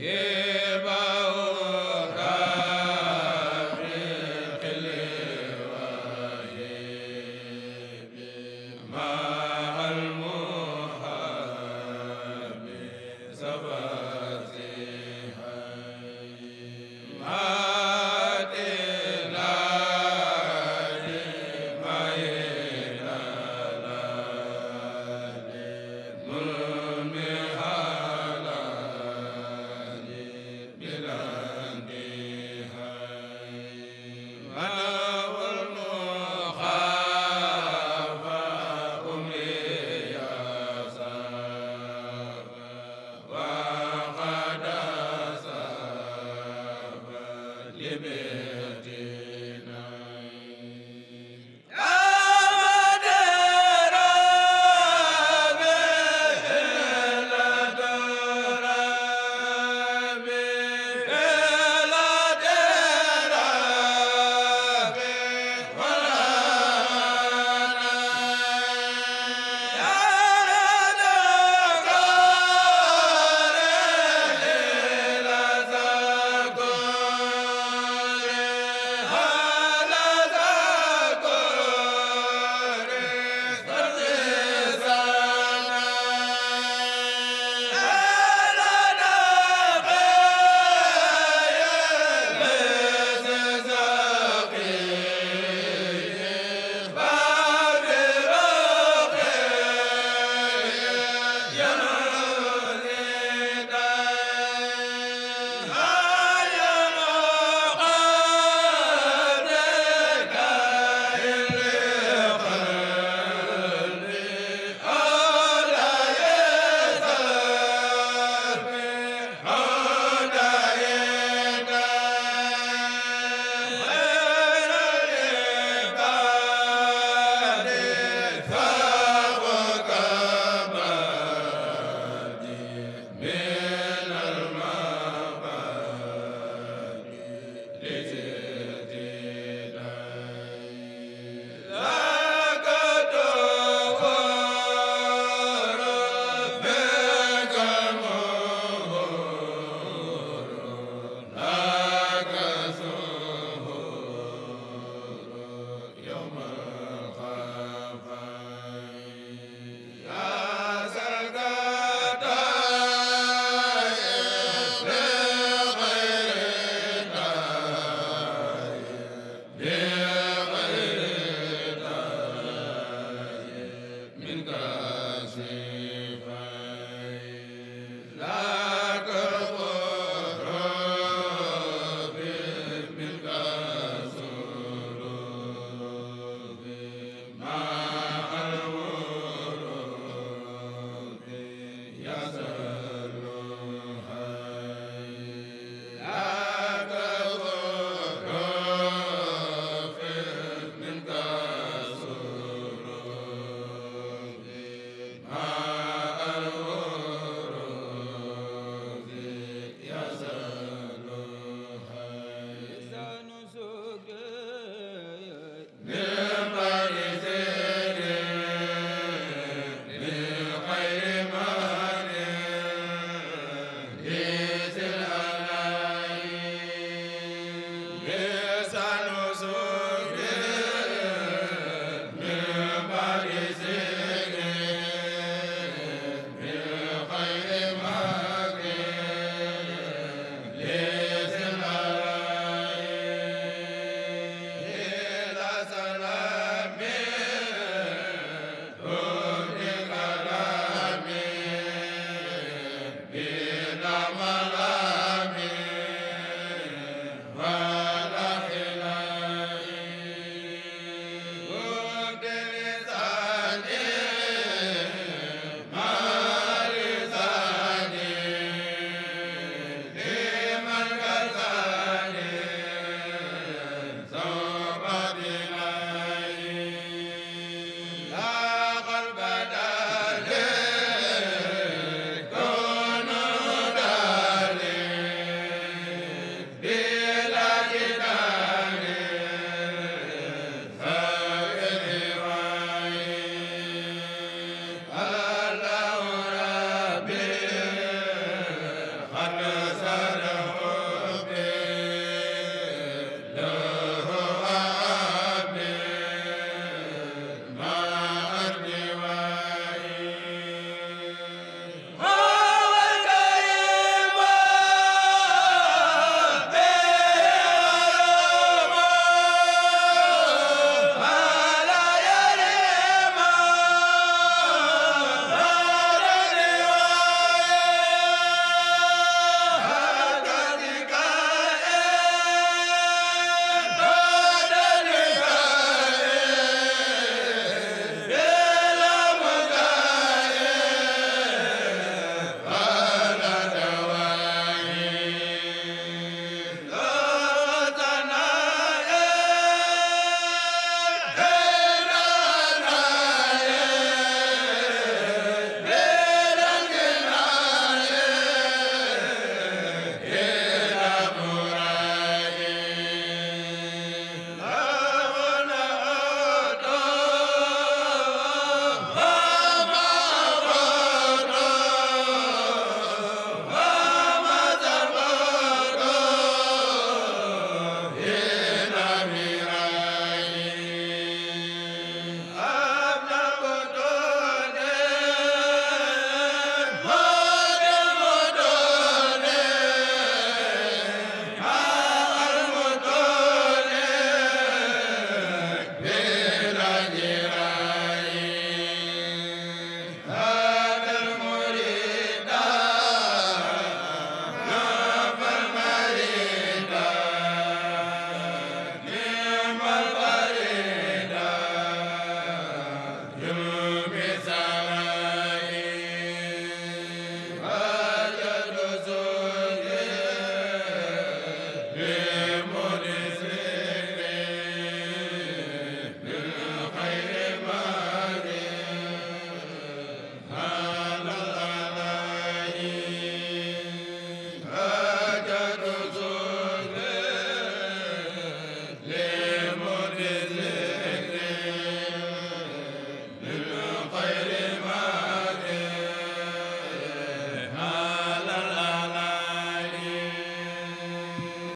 Yeah. deme